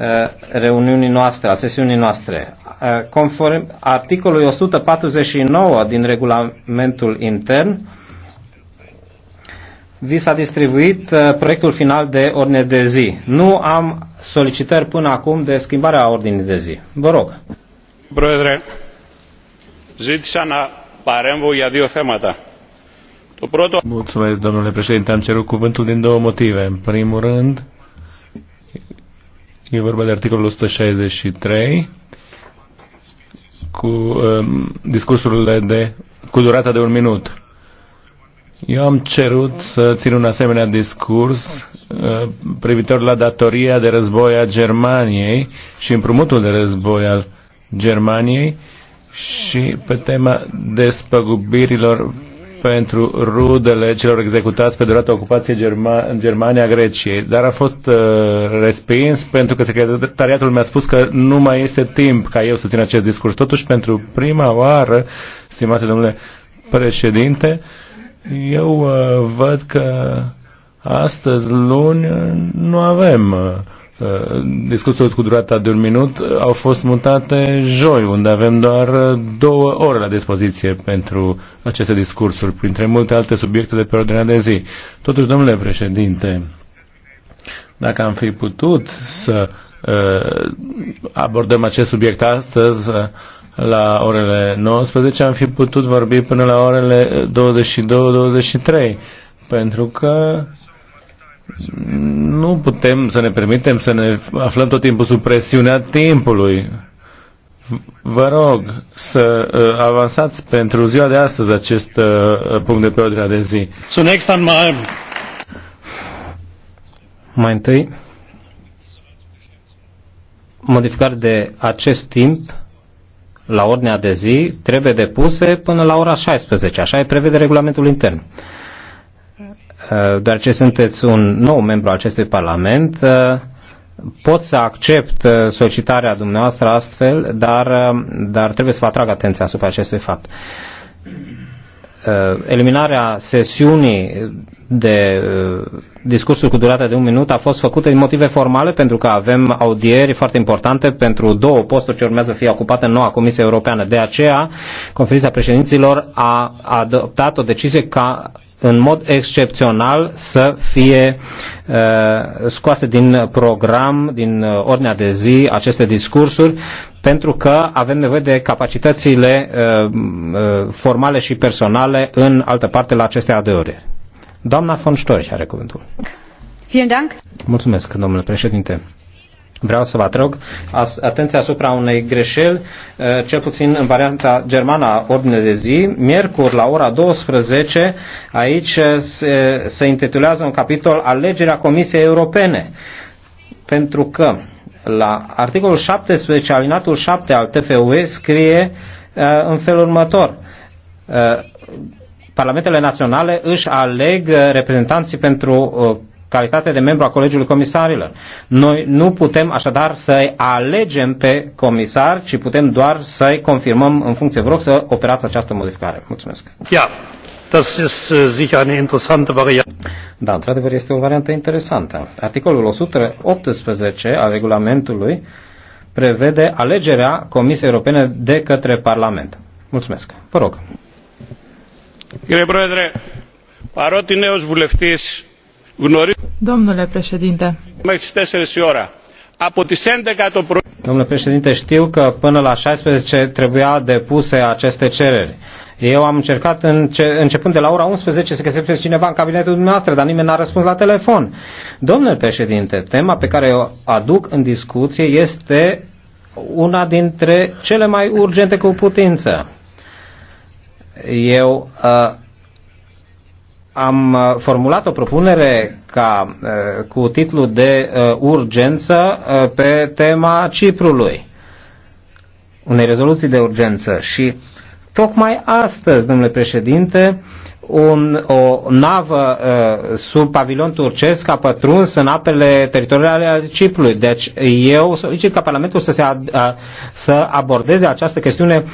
Uh, reuniunii noastre, a sesiunii noastre. Uh, conform articolului 149 din regulamentul intern, vi s-a distribuit uh, proiectul final de ordine de zi. Nu am solicitări până acum de schimbarea ordinii de zi. Vă rog. Brădre, ζήτησα να παρέμβω για δύο θέματα. Το πρώτο... Mulțumesc, domnule președinte. Am cerut cuvântul din două motive. În primul rând, E vorba de articolul 163 cu um, discursurile de, cu durata de un minut. Eu am cerut să țin un asemenea discurs uh, privitor la datoria de război a Germaniei și împrumutul de război al Germaniei și pe tema despăgubirilor pentru rudele celor executați pe durata ocupației Germa- în Germania, Greciei, dar a fost uh, respins pentru că secretariatul mi-a spus că nu mai este timp ca eu să țin acest discurs. Totuși, pentru prima oară, stimate domnule președinte, eu uh, văd că astăzi, luni, nu avem uh, Uh, discuțiile cu durata de un minut uh, au fost mutate joi, unde avem doar uh, două ore la dispoziție pentru aceste discursuri, printre multe alte subiecte de pe ordinea de zi. Totuși, domnule președinte, dacă am fi putut să uh, abordăm acest subiect astăzi uh, la orele 19, am fi putut vorbi până la orele 22-23, pentru că nu putem să ne permitem să ne aflăm tot timpul sub presiunea timpului. Vă rog să uh, avansați pentru ziua de astăzi acest uh, punct de pe ordinea de zi. Zunächst einmal. Mai întâi, modificări de acest timp la ordinea de zi trebuie depuse până la ora 16. Așa e prevede regulamentul intern. Eh, doar ce sunteți un nou membru al acestui Parlament, eh, pot să accept eh, solicitarea dumneavoastră astfel, dar, dar trebuie să vă atrag atenția asupra acestui fapt. Eliminarea sesiunii de discursuri cu durată de un minut a fost făcută din motive formale, pentru că avem audieri foarte importante pentru două posturi ce urmează să fie ocupate în noua Comisie Europeană. De aceea, conferința președinților a adoptat o decizie ca în mod excepțional să fie uh, scoase din program, din uh, ordinea de zi, aceste discursuri, pentru că avem nevoie de capacitățile uh, formale și personale în altă parte la aceste adeuri. Doamna von Storch are cuvântul. Vielen Dank. Mulțumesc, domnule președinte. Vreau să vă atrag atenția asupra unei greșeli, eh, cel puțin în varianta germană a ordinei de zi. Miercuri, la ora 12, aici se, se intitulează un capitol Alegerea Comisiei Europene. Pentru că la articolul 17, alinatul 7 al TFUE, scrie eh, în felul următor. Eh, Parlamentele naționale își aleg reprezentanții pentru calitate de membru a Colegiului Comisarilor. Noi nu putem așadar să-i alegem pe comisar, ci putem doar să-i confirmăm în funcție. Vă rog să operați această modificare. Mulțumesc. Ja, das ist äh, sicher eine interessante Variante. Da, într-adevăr este o variantă interesantă. Articolul 118 al regulamentului prevede alegerea Comisiei Europene de către Parlament. Mulțumesc. Vă rog. Κύριε Πρόεδρε, παρότι νέος Domnule președinte. Domnule președinte, știu că până la 16 trebuia depuse aceste cereri. Eu am încercat înce- începând de la ora 11 să găsesc cineva în cabinetul dumneavoastră, dar nimeni n-a răspuns la telefon. Domnule președinte, tema pe care o aduc în discuție este una dintre cele mai urgente cu putință. Eu uh, am uh, formulat o propunere ca, uh, cu titlul de uh, urgență pe tema Ciprului, unei rezoluții de urgență. Și tocmai astăzi, domnule președinte, un, o navă sub pavilion turcesc a pătruns în apele teritoriale ale Ciprului. Deci eu solicit ca Parlamentul să, se ad, să abordeze această chestiune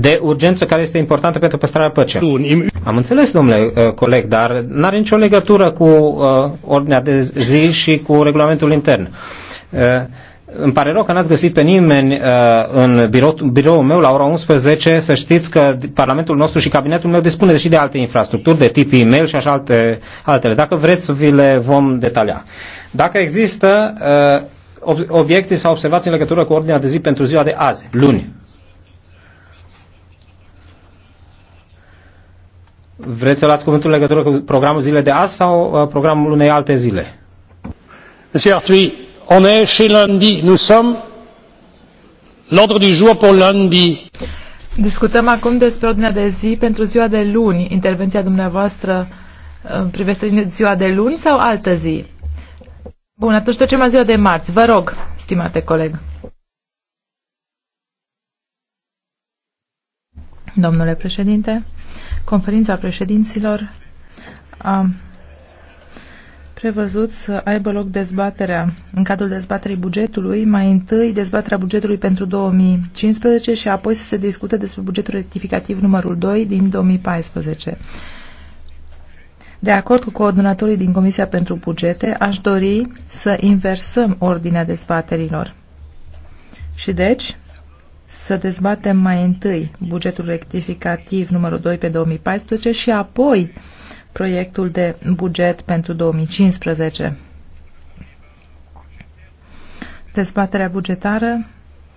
de urgență care este importantă pentru păstrarea păcii. Am înțeles, domnule uh, coleg, dar n-are nicio legătură cu uh, ordinea de zi și cu regulamentul intern. Uh, îmi pare rău că n-ați găsit pe nimeni uh, în birou, biroul meu la ora 11. Să știți că Parlamentul nostru și cabinetul meu dispune și de alte infrastructuri, de tip e-mail și așa alte, altele. Dacă vreți, vi le vom detalia. Dacă există uh, obiecții sau observații în legătură cu ordinea de zi pentru ziua de azi, luni, Vreți să luați cuvântul legătură cu programul zilei de azi sau uh, programul unei alte zile? Monsieur Artui, on est chez lundi. Nous sommes l'ordre du jour pour lundi. Discutăm acum despre ordinea de zi pentru ziua de luni. Intervenția dumneavoastră uh, privește ziua de luni sau altă zi? Bun, atunci trecem la ziua de marți. Vă rog, stimate coleg. Domnule președinte. Conferința președinților a prevăzut să aibă loc dezbaterea, în cadrul dezbaterii bugetului, mai întâi dezbaterea bugetului pentru 2015 și apoi să se discute despre bugetul rectificativ numărul 2 din 2014. De acord cu coordonatorii din Comisia pentru Bugete, aș dori să inversăm ordinea dezbaterilor. Și deci, să dezbatem mai întâi bugetul rectificativ numărul 2 pe 2014 și apoi proiectul de buget pentru 2015. Dezbaterea bugetară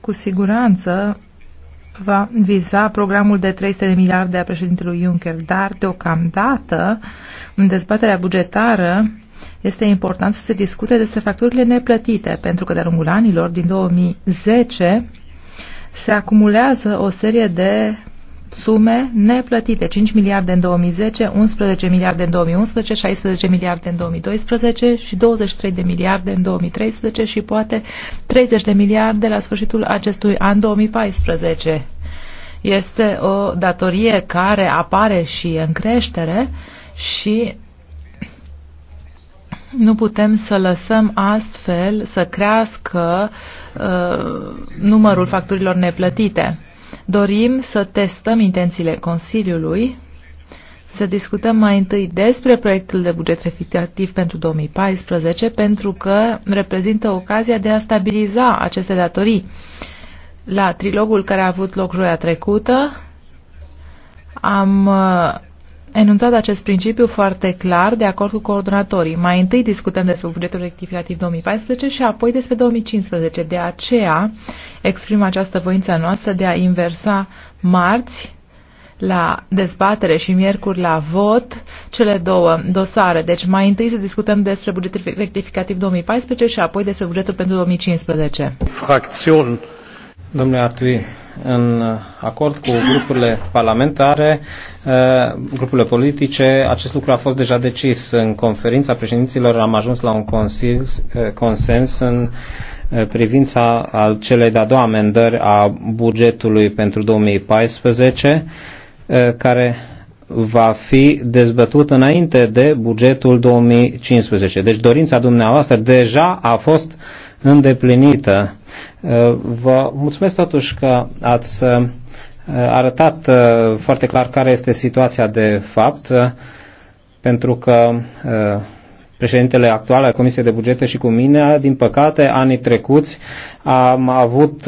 cu siguranță va viza programul de 300 de miliarde a președintelui Juncker, dar deocamdată în dezbaterea bugetară este important să se discute despre facturile neplătite, pentru că de-a lungul anilor, din 2010, se acumulează o serie de sume neplătite. 5 miliarde în 2010, 11 miliarde în 2011, 16 miliarde în 2012 și 23 de miliarde în 2013 și poate 30 de miliarde la sfârșitul acestui an 2014. Este o datorie care apare și în creștere și nu putem să lăsăm astfel să crească uh, numărul facturilor neplătite. Dorim să testăm intențiile Consiliului, să discutăm mai întâi despre proiectul de buget rectificativ pentru 2014, pentru că reprezintă ocazia de a stabiliza aceste datorii. La trilogul care a avut loc joia trecută, am uh, enunțat acest principiu foarte clar de acord cu coordonatorii. Mai întâi discutăm despre bugetul rectificativ 2014 și apoi despre 2015. De aceea exprim această voință noastră de a inversa marți la dezbatere și miercuri la vot cele două dosare. Deci mai întâi să discutăm despre bugetul rectificativ 2014 și apoi despre bugetul pentru 2015. Fracțiun. Domnule Artui, în acord cu grupurile parlamentare, eh, grupurile politice, acest lucru a fost deja decis. În conferința președinților am ajuns la un consens eh, în eh, privința al celei de-a doua amendări a bugetului pentru 2014, care va fi dezbătut înainte de bugetul 2015. Deci dorința dumneavoastră deja a fost îndeplinită Uh, vă mulțumesc totuși că ați uh, arătat uh, foarte clar care este situația de fapt, pentru că președintele actual al Comisiei de Bugete și cu mine, din păcate, anii trecuți am avut,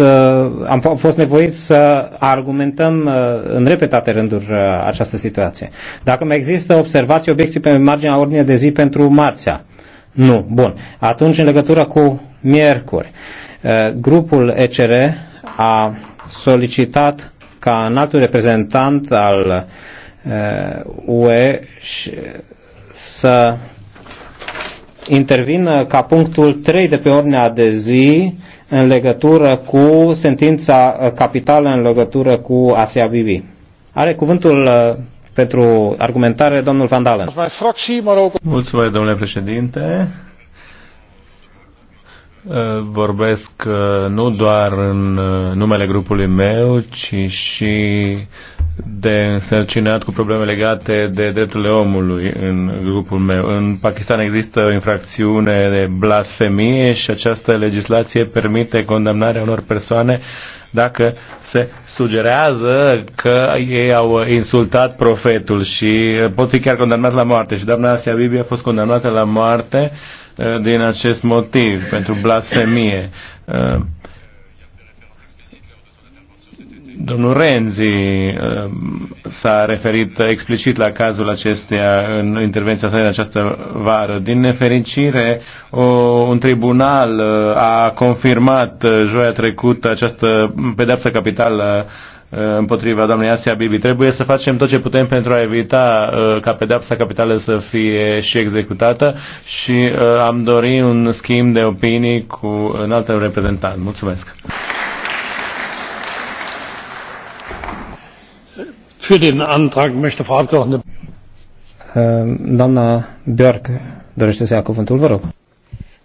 am fost nevoiți să argumentăm în repetate rânduri această situație. Dacă mai există observații, obiecții pe marginea ordinei de zi pentru marțea? Nu. Bun. Atunci, în legătură cu miercuri. Uh, Eh, grupul ECR a solicitat ca înaltul reprezentant al eh, UE eh, să intervină ca punctul 3 de pe ordinea de zi în legătură cu sentința capitală în legătură cu Asia Bibi. Are cuvântul pentru argumentare domnul Van Dalen. Mulțumesc, domnule președinte. Eh, vorbesc eh, nu doar în eh, numele grupului meu, ci și de însărcinat cu probleme legate de drepturile omului în grupul meu. În Pakistan există o infracțiune de blasfemie și această legislație permite condamnarea unor persoane dacă se sugerează că ei au insultat profetul și pot fi chiar condamnați la moarte. Și doamna Asia Bibi a fost condamnată la moarte Uh, din acest motiv, pentru blasfemie. Uh, domnul Renzi uh, s-a referit explicit la cazul acesteia în intervenția sa în această vară. Din nefericire, o, un tribunal a confirmat joia trecută această pedeapsă capitală Uh, împotriva doamnei Asia Bibi. Trebuie să facem tot ce putem pentru a evita uh, ca pedepsa capitală să fie și executată și uh, am dorit un schimb de opinii cu un alt reprezentant. Mulțumesc! Für den Antrag möchte Frau Abgeordnete. Doamna Björk dorește să ia cuvântul, vă rog.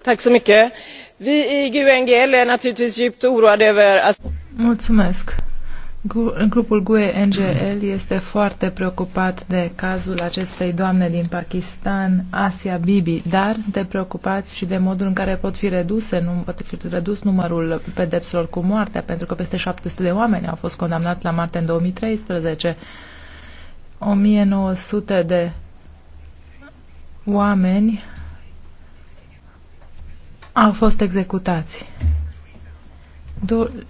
Tack så mycket. Vi i GUNGL är naturligtvis djupt oroade över att... Mulțumesc. Grupul GUE NGL este foarte preocupat de cazul acestei doamne din Pakistan, Asia Bibi, dar de preocupați și de modul în care pot fi reduse, nu pot fi redus numărul pedepselor cu moartea, pentru că peste 700 de oameni au fost condamnați la moarte în 2013. 1900 de oameni au fost executați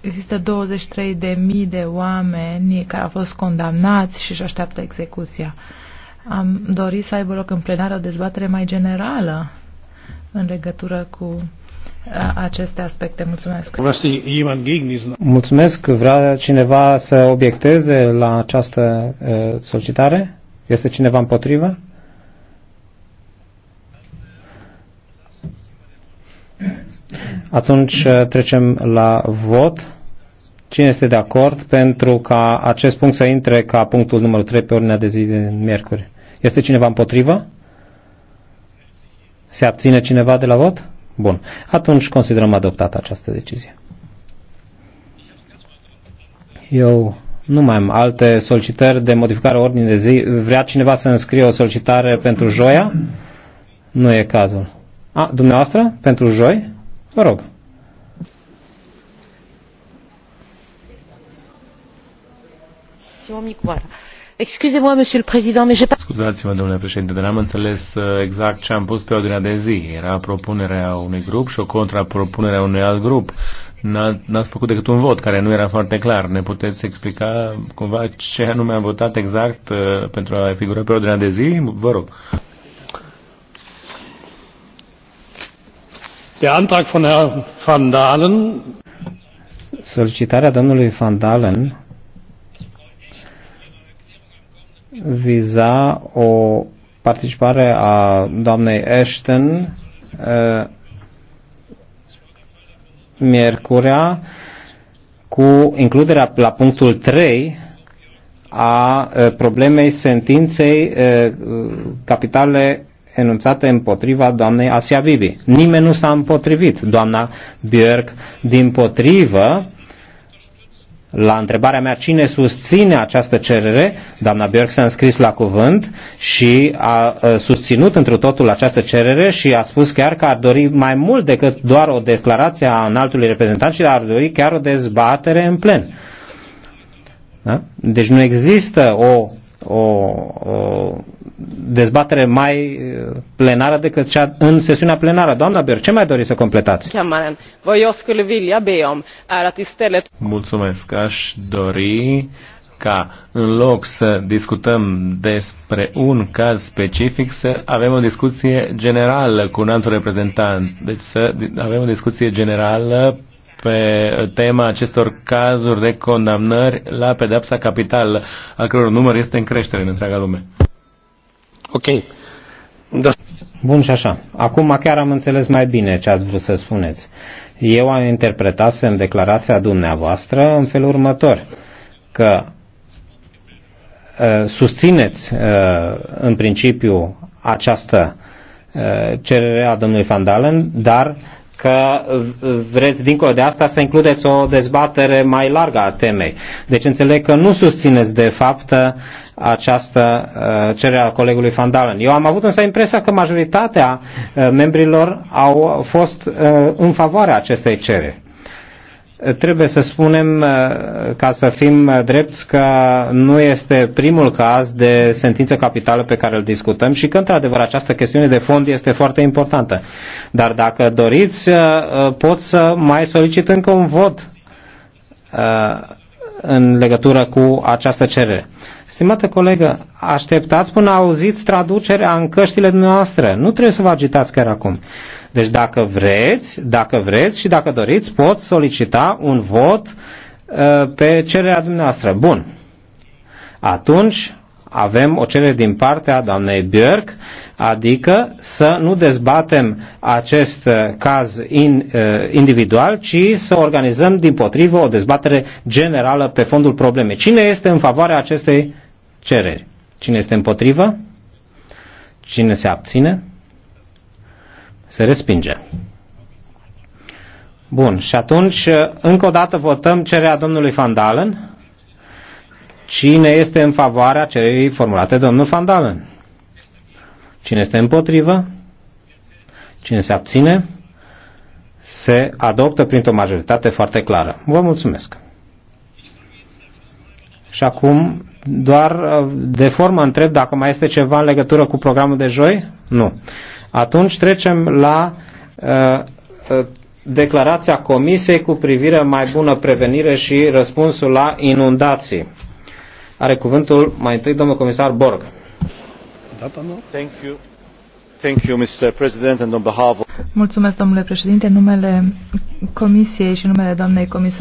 există 23.000 de, de oameni care au fost condamnați și își așteaptă execuția. Am dorit să aibă loc în plenară o dezbatere mai generală în legătură cu aceste aspecte. Mulțumesc. Mulțumesc. Vrea cineva să obiecteze la această solicitare? Este cineva împotrivă? Atunci uh, trecem la vot. Cine este de acord pentru ca acest punct să intre ca punctul numărul 3 pe ordinea de zi de miercuri? Este cineva împotrivă? Se abține cineva de la vot? Bun. Atunci considerăm adoptată această decizie. Eu nu mai am alte solicitări de modificare ordinii de zi. Vrea cineva să înscrie o solicitare pentru joia? Nu e cazul. A, dumneavoastră, pentru joi, vă rog. Scuzați-mă, domnule președinte, dar n-am înțeles uh, exact ce am pus pe ordinea de zi. Era propunerea unui grup și o contrapropunere a unui alt grup. N-ați făcut decât un vot care nu era foarte clar. Ne puteți explica cumva ce anume am votat exact uh, pentru a figura pe ordinea de zi? Vă rog. Der Antrag von Herrn van Dalen. Solicitarea domnului van Dalen viza o participare a doamnei Ashton uh, miercurea cu includerea la punctul 3 a uh, problemei sentinței uh, capitale enunțate împotriva doamnei Asia Bibi. Nimeni nu s-a împotrivit. Doamna Björk, din potrivă, la întrebarea mea cine susține această cerere, doamna Björk s-a înscris la cuvânt și a susținut întru totul această cerere și a spus chiar că ar dori mai mult decât doar o declarație a înaltului reprezentant și ar dori chiar o dezbatere în plen. Da? Deci nu există o, o, o dezbatere mai uh, plenară decât cea în sesiunea plenară. Doamna Ber, ce mai doriți să completați? Mulțumesc. Aș dori ca în loc să discutăm despre un caz specific, să avem o discuție generală cu un alt reprezentant. Deci să avem o discuție generală pe tema acestor cazuri de condamnări la pedepsa capitală, a căror număr este în creștere în întreaga lume. Ok. Da. Bun și așa. Acum chiar am înțeles mai bine ce ați vrut să spuneți. Eu am interpretat în declarația dumneavoastră în felul următor, că uh, susțineți uh, în principiu această uh, cerere a domnului Van Dalen, dar că vreți dincolo de asta să includeți o dezbatere mai largă a temei. Deci înțeleg că nu susțineți de fapt această uh, cerere a colegului Van Dalen. Eu am avut însă impresia că majoritatea uh, membrilor au fost uh, în favoarea acestei cereri. Trebuie să spunem, uh, ca să fim uh, drepți, că nu este primul caz de sentință capitală pe care îl discutăm și că, într-adevăr, această chestiune de fond este foarte importantă. Dar dacă doriți, uh, pot să mai solicit încă un vot în legătură cu această cerere. Stimate colegă, așteptați până auziți traducerea în căștile noastre. Nu trebuie să vă agitați chiar acum. Deci dacă vreți, dacă vreți și dacă doriți, pot solicita un vot uh, pe cererea dumneavoastră. Bun. Atunci avem o cerere din partea doamnei Björk, adică să nu dezbatem acest uh, caz in, uh, individual, ci să organizăm din potrivă o dezbatere generală pe fondul problemei. Cine este în favoarea acestei cereri? Cine este împotrivă? Cine se abține? Se respinge. Bun, și atunci uh, încă o dată votăm cererea domnului Van Dalen. Cine este în favoarea cererii formulate de domnul Van Dalen? Cine este împotrivă? Cine se abține? Se adoptă printr-o majoritate foarte clară. Vă mulțumesc! Și acum doar uh, de formă întreb dacă mai este ceva în legătură cu programul de joi? Nu. Atunci trecem la uh, uh, declarația Comisiei cu privire mai bună prevenire și răspunsul la inundații. Are cuvântul mai întâi domnul comisar Borg. Da, da, Mulțumesc, domnule președinte, în numele Comisiei și în numele doamnei comisar.